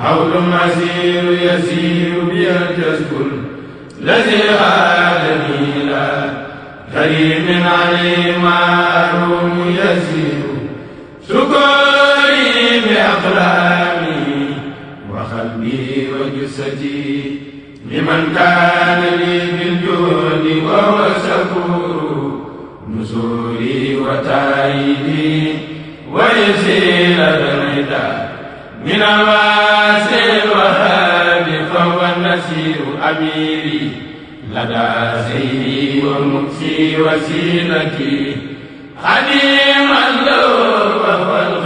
حول عسير يسير بي الجسد الذي غادني لا كريم علي معروم يسير سكري بأقلامي وقلبي وجسدي لمن كان لي بالجود وهو شكور نسوري وتايدي ويسير الرداء من الواسع الوهاب فهو النسير أميري لدى سيدي ومكسي وسيلتي قديما له وهو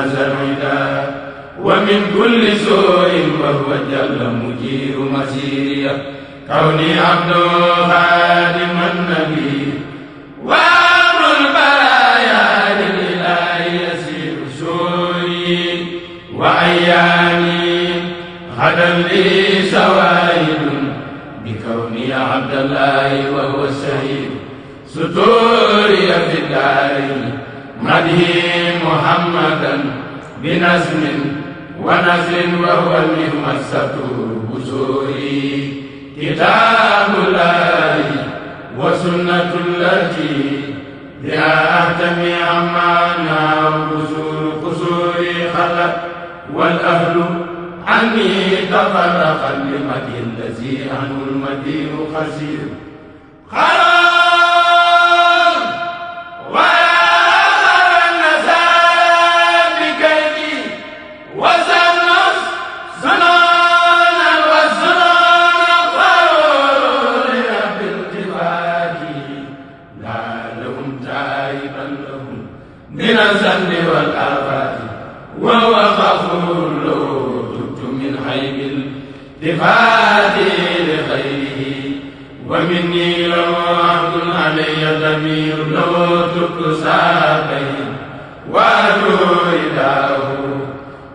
زرعنا ومن كل سوء وهو جل مجير مسيري كوني عبد خادم النبي وامر البرايا للاله يسير سوري وايامي غدا لي شواهد بكوني عبد الله وهو الشهيد ستوري في الدارين مدهي محمدا بنزم ونزل وهو المهمسة بزوري كتاب الله وسنة التي بها أهتمي أمانا وبزور قصوري خلت والأهل عني تفرقا لمدي الذي عنه المدين خسير خلاص لهم تائبا لهم من الذنب والآفات وهو غفور له تبت من حيب الدفاع لغيره ومني له عبد علي ضمير له تبت سابين وأدعو إلهه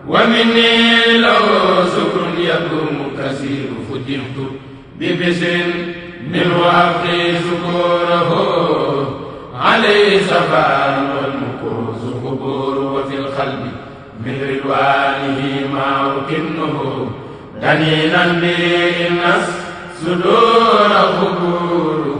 ومني له سكر يكون كثير فدمت ببسر منه أبقي شكوره عليه سفار والمكوس قبور وفي القلب من رضوانه ما أكنه دنينا به الناس صدور قبور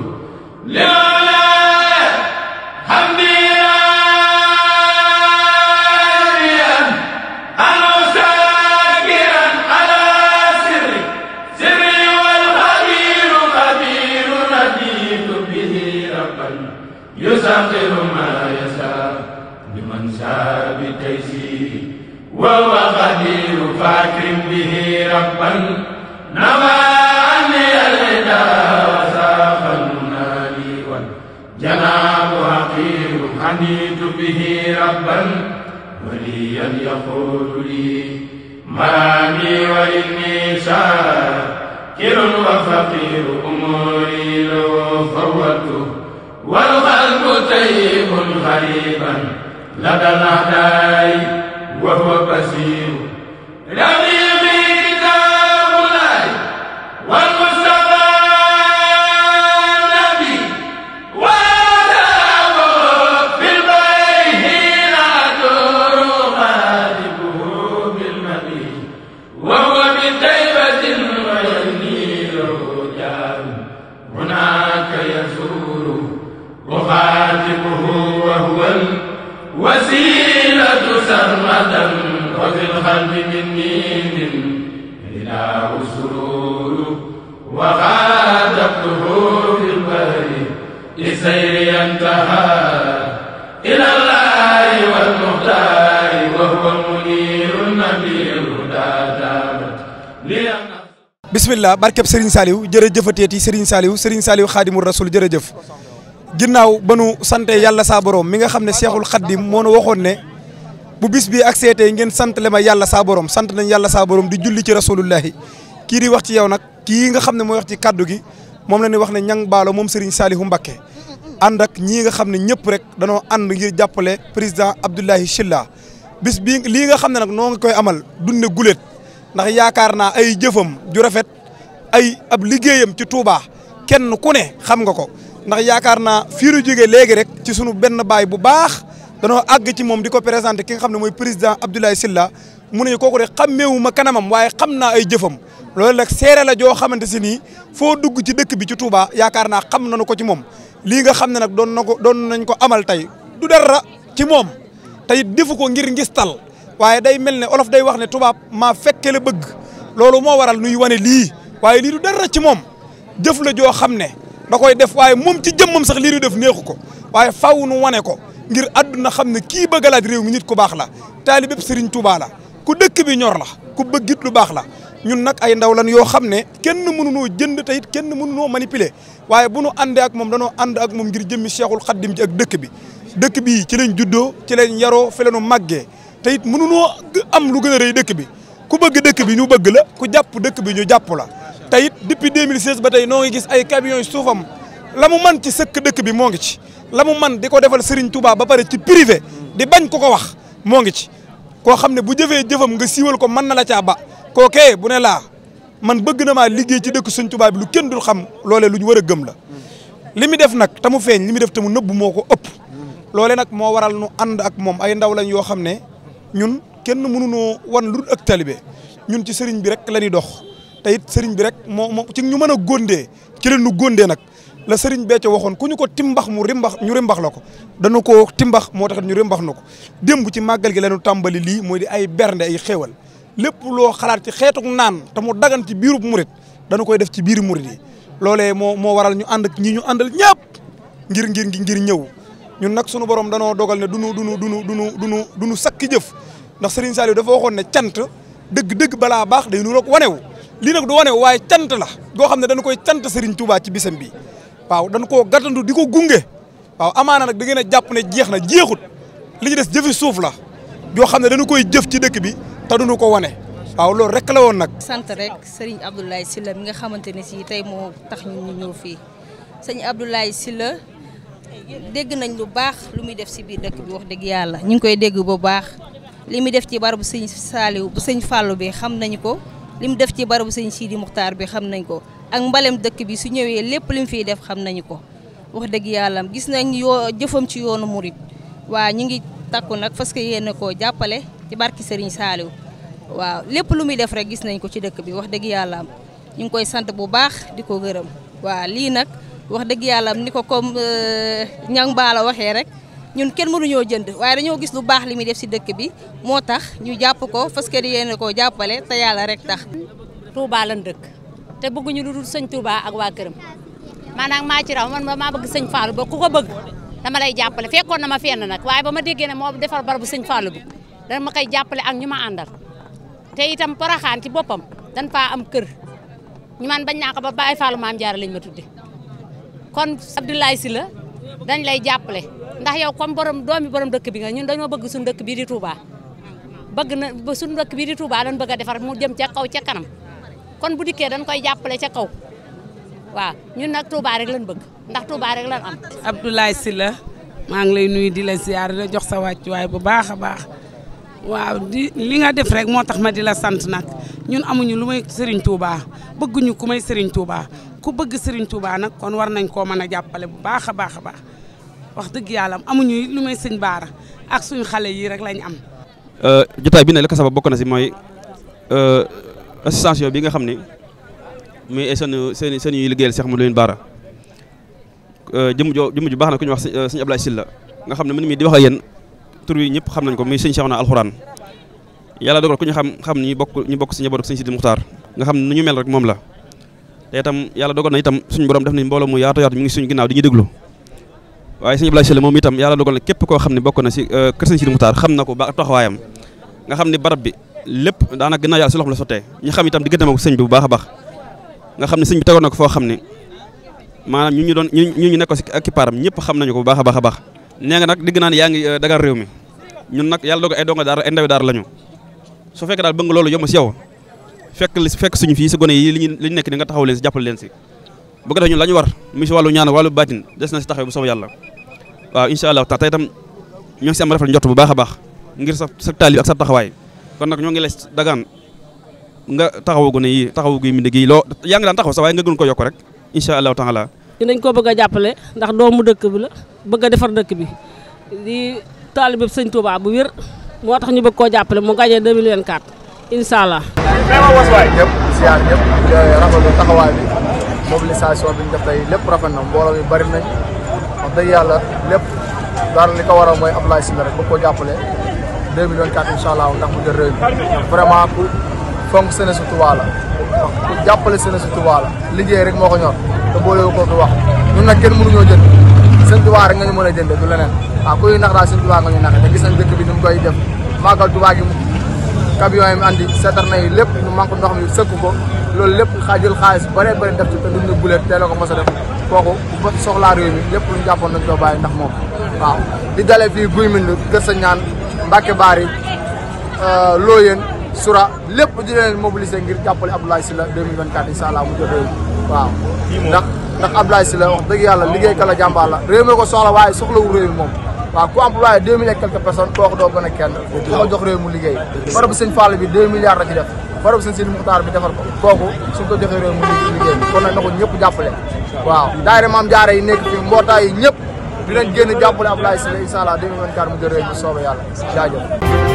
فليقول لي مرامي وإني شاكر وفقير أموري لو فوته والقلب تيب غريبا لدى الأعداء الرسول وخاتمه وهو الوسيلة سرمدا وفي القلب مني من إلى رسول وخادمته في البر لسير انتهى إلى الله والمختار وهو المنير النبي لا دامت لأن bisimilah barkeb Serigne Saliou jërëjëfateeti Serigne Saliou Serigne Saliou xaadimul rasul jërëjëf ginnaaw ba nu sante yàlla saa mi nga xam ne seexul xaddim moo nu waxoon ne bu bis bi ak seetee ngeen sant le yàlla saa borom sant nañ yàlla saa borom di julli ci rasulullahi kii di wax ci yow nag kii nga xam ne mooy wax ci kaddu gi moom la ñuy wax ne ñang baalo moom Serigne Saliou Mbacké ànd ak ñii nga xam ne ñëpp rek danoo ànd ngir jàppale président Abdoulaye Sylla bis bi lii nga xam ne nag noo nga koy amal dunde guléet ndax yaakaar naa ay jëfam ju rafet ay ab liggéeyam ci Touba kenn ku ne xam nga ko ndax yaakaar naa fii lu jógee léegi rek ci sunu benn baay bu baax danoo àgg ci moom di ko présenté ki nga xam ne mooy président Abdoulaye Sylla mu ne kooku rek xàmmeewu ma kanamam waaye xam naa ay jëfam loolu nag seere la joo xamante si nii foo dugg ci dëkk bi ci Touba yaakaar naa xam nañu ko ci moom lii nga xam ne nag doon na ko doon nañ ko amal tey du dara ci moom tey defu ko ngir ngistal waaye day mel ne olof day wax ne tubaab maa fekke la bëgg loolu moo waral nuy wane lii waaye lii du dara ci moom jëf la joo xam ne da koy def waaye moom ci jëmmam sax lii du def neexu ko waaye faw nu wane ko ngir àdduna xam ne kii bëgg laaj réew mi nit ko baax la taalibe bépp Serigne Touba la ku dëkk bi ñor la ku bëggit lu baax la ñun nag ay ndaw lan yoo xam ne kenn mënunoo jënd te it kenn mënunoo manipuler waaye bu nu àndee ak moom danoo ànd ak moom ngir jëmmi Cheikhul Khadim ji ak dëkk bi dëkk bi ci lañ juddoo ci lañ yaroo fi màggee te it mënunoo am lu gën a rëy dëkk bi ku bëgg dëkk bi ñu bëgg la ku jàpp dëkk bi ñu jàpp la te it depuis 2016 ba tey noo ngi gis ay camions yu suufam la mu man ci sëkk dëkk bi moo ngi ci la mu man di ko defal Serigne Touba ba pare ci privé di bañ ko ko wax moo ngi ci koo xam ne bu jëfee jëfam nga siiwal ko mën na la caa ba kookee bu ne laa man bëgg na maa liggéey ci dëkk Serigne Touba bi lu kenn dul xam loole lu ñu war a gëm la li mu def nag te mu feeñ li def te mu nëbb moo ko ëpp loole nag moo waral nu ànd ak moom ay ndaw lañ yoo xam ne ñun kenn mënunoo wan lu dul ak talibe ñun ci sëriñ bi rek la dox te it sëriñ bi rek moo moo ci ñu mën a góondee ci leen nu góondee nag la sëriñ bee ca waxoon ku ñu ko timbax mu rimbax ñu rimbax la ko dañu ko timbax moo tax ñu rimbax na ko démb ci màggal gi la tàmbali lii mooy di ay bernde ay xéewal lépp loo xalaat ci xeetuk naan te mu dagan ci biirub murit dañu koy def ci biir murit yi loolee moo moo waral ñu ànd ak ñi ñu àndal ñëpp ngir ngir ngir ñëw ñun nag sunu borom danoo dogal ne duñu duñu duñu duñu duñu duñu sakki jëf ndax Serigne Saliou dafa waxoon ne cant dëgg-dëgg balaa baax day nuroog wanewu lii nag du wanewu waaye cant la goo xam ne dañu koy cant Serigne Touba ci bisam bi waaw dañ koo gàttandu di ko gunge waaw amaana nag da ngeen a jàpp ne jeex na jeexut li ñu des jëfi suuf la yoo xam ne dañu koy jëf ci dëkk bi te duñu ko wane waaw loolu rek la woon nag. sant rek Serigne Abdoulaye Sylla mi nga xamante ne si tey moo tax ñu ñëw fii sëñ Abdoulaye Sylla dégg nañ lu baax lu muy def si biir dëkk bi wax dëgg yàlla ñu ngi koy dégg bu baax li muy def ci barabu sëñ Saaliw bu sëñ Fàllu bi xam nañu ko li mu def ci barabu sëñ Sidi Muxtaar bi xam nañ ko ak mbalem dëkk bi su ñëwee lépp li mu fiy def xam nañu ko wax dëgg yàlla gis nañ yoo jëfam ci yoonu murit waa ñu ngi takku nag parce que yéen koo jàppale ci barki sëriñ Saaliw waaw lépp lu muy def rek gis nañ ko ci dëkk bi wax dëgg yàlla ñu ngi koy sant bu baax di ko gërëm waa lii nag wax dëgg yàlla ni ko comme ñang euh, baala waxee rek ñun kenn mënuñoo jënd waaye dañoo gis lu baax li muy def si dëkk bi moo tax ñu jàpp ko fas yéene koo jàppale te yàlla rek tax. Touba lan dëkk te bëgguñu lu dul sëñ Touba ak waa këram maanaam maa ci raw man maa bëgg sëñ Fallou ba ko bëgg dama lay jàppale fekkoon na ma fenn nag waaye ba ma déggee ne moo defar barabu sëñ Fallou bi dana ma koy jàppale ak ñu ma àndal te itam Porokhane ci boppam dañ faa am kër ñu man bañ naa ba Baye Fallou maam Diarra lañ ma tudde kon Abdoulaye la dañ lay jàppale ndax yow comme borom doomi borom dëkk bi nga ñun dañoo bëgg suñu dëkk bii di Touba bëgg na suñu dëkk bii di Touba dañ bëgg a defar mu jëm ca kaw ca kanam kon bu dikkee dañ koy jàppale ca kaw waaw ñun nag Touba rek lañ bëgg ndax Touba rek lañ am. Abdoulaye Sylla maa ngi lay nuyu di la ziar la jox sa wàccuwaay bu baax a baax waaw di li nga def rek moo tax ma di la sant nag ñun amuñu lu may Serigne Touba bëgguñu ku may Serigne Touba. ku bëgg Serigne Touba nag kon war nañ koo mën a jàppale bu baax a baax a baax wax dëgg yàlla amuñu lu may sëñ baara ak suñu xale yii rek lañ am. Euh, jotaay bi ne la ko bokk na si mooy euh, association bi nga xam ni muy seen seen seen yuy liggéeyal Cheikh Mouhamadou Lamine Bara euh, jëm jo ju baax na ku wax sëñ Abdoulaye nga xam ne man mii di wax tur yi ñëpp xam nañ ko muy sëñ Cheikh na alxuraan yàlla xam xam ni ñu bokk ñu bokk si njabootu sëñ Sidi Muxtaar nga xam ne nu ñu mel rek moom la. te itam yàlla dogal na itam suñu borom def nañ mbooloo mu yaatu yaatu mi ngi suñu ginnaaw di ñuy déglu waaye suñ Abdoulaye Sylla moom itam yàlla dogal na képp koo xam ne bokk na si euh, kër sëñ Sidi Moutar xam na ko nga xam ne barab bi lépp daanaka ginnaaw yàlla si loxoom la sottee ñu xam itam diggante ma ko sëñ bu baax a baax nga xam ne sëñ bi na ko foo xam ne maanaam ñu ñu doon ñu ñu nekk si ak kipaaram ñëpp xam nañu ko bu baax a baax a baax nee nag digg naa ne yaa ngi euh, dagal réew mi ñun nag yàlla dogal ay donga daara ay ndawi daara lañu su fekkee daal bëgg loolu yomb si yow fekk fekk suñu fii si gone yi li ñu nekk ni nga taxaw leen si jàppal leen si bu ko ñun la ñu war mu si wàllu ñaan wàllu baatin des na si taxaw bu soobee yàlla ñoo ngi si am bu baax a baax ngir sa sa taalib ak sa taxawaay kon nag ñoo ngi les dagaan nga taxawu gone yi taxawu gi mindi gi loo yaa ngi daan taxaw sa waaye nga gën ko yokk rek incha allah taala ñu dañ koo bëgg a jàppale ndax doomu dëkk bi la bëgg a defar dëkk bi di taalibe sëñ Touba bu wér moo tax ñu bëgg koo jàppale mu gagné 2024 incha allah. vraiment wasuwaay ñëpp ziar ñëpp rafetlu taxawaay bi mobilisation bi ñu def tey lépp rafet na mbooloo mi bari nañ wax dëgg yàlla lépp daal li ko waral mooy Abdoulaye Sylla rek ba ko jàppale 2 millions 4 incha allah ndax mu jël réew mi vraiment ku fonk seen su Tuubaa la jàppale seen su Tuubaa liggéey rek moo ko ñor te boole ko fi wax ñun nag kenn mënuñoo jënd seen Tuubaa rek nga ñu mën a jënd du leneen waaw kuy nax daal seen Tuubaa nga ñu naxee te gis nañ dëkk bi ni koy camion yi andi seetar na yi lépp ñu manque ndox mi sëkk ko loolu lépp xaajul xaalis bare bare def ci te duñ ne bulet teel a ko mos a def réew mi lépp luñ jàppoon nañ koo bàyyi ndax moom waaw di dalee fii guy mind gës sa ñaan Mbàkke Baari euh, Looyeen Sura lépp di leen mobiliser ngir jàppale Abdoulaye Sylla 2024 incha allah mu jot réew waaw ndax ndax Abdoulaye Sylla wax dëgg yàlla liggéey kala jàmbaar la réew mi ko soxla waaye soxlawul réew mi waaw ku employé deux mille et quelques personnes kooku doo gën kenn ku ko jox réew mu liggéey barabu sëñ Fall bi deux milliards la ci barabu sëñ Sidi Muxtaar bi defar kooku suñ ko mu liggéey kon nag na ko ñëpp jàppale waaw daayira maam jaare yi nekk fii mbootaay yi ñëpp dinañ génn jàppale Abdoulaye Sylla incha allah 2024 mu jël réew mi soobee yàlla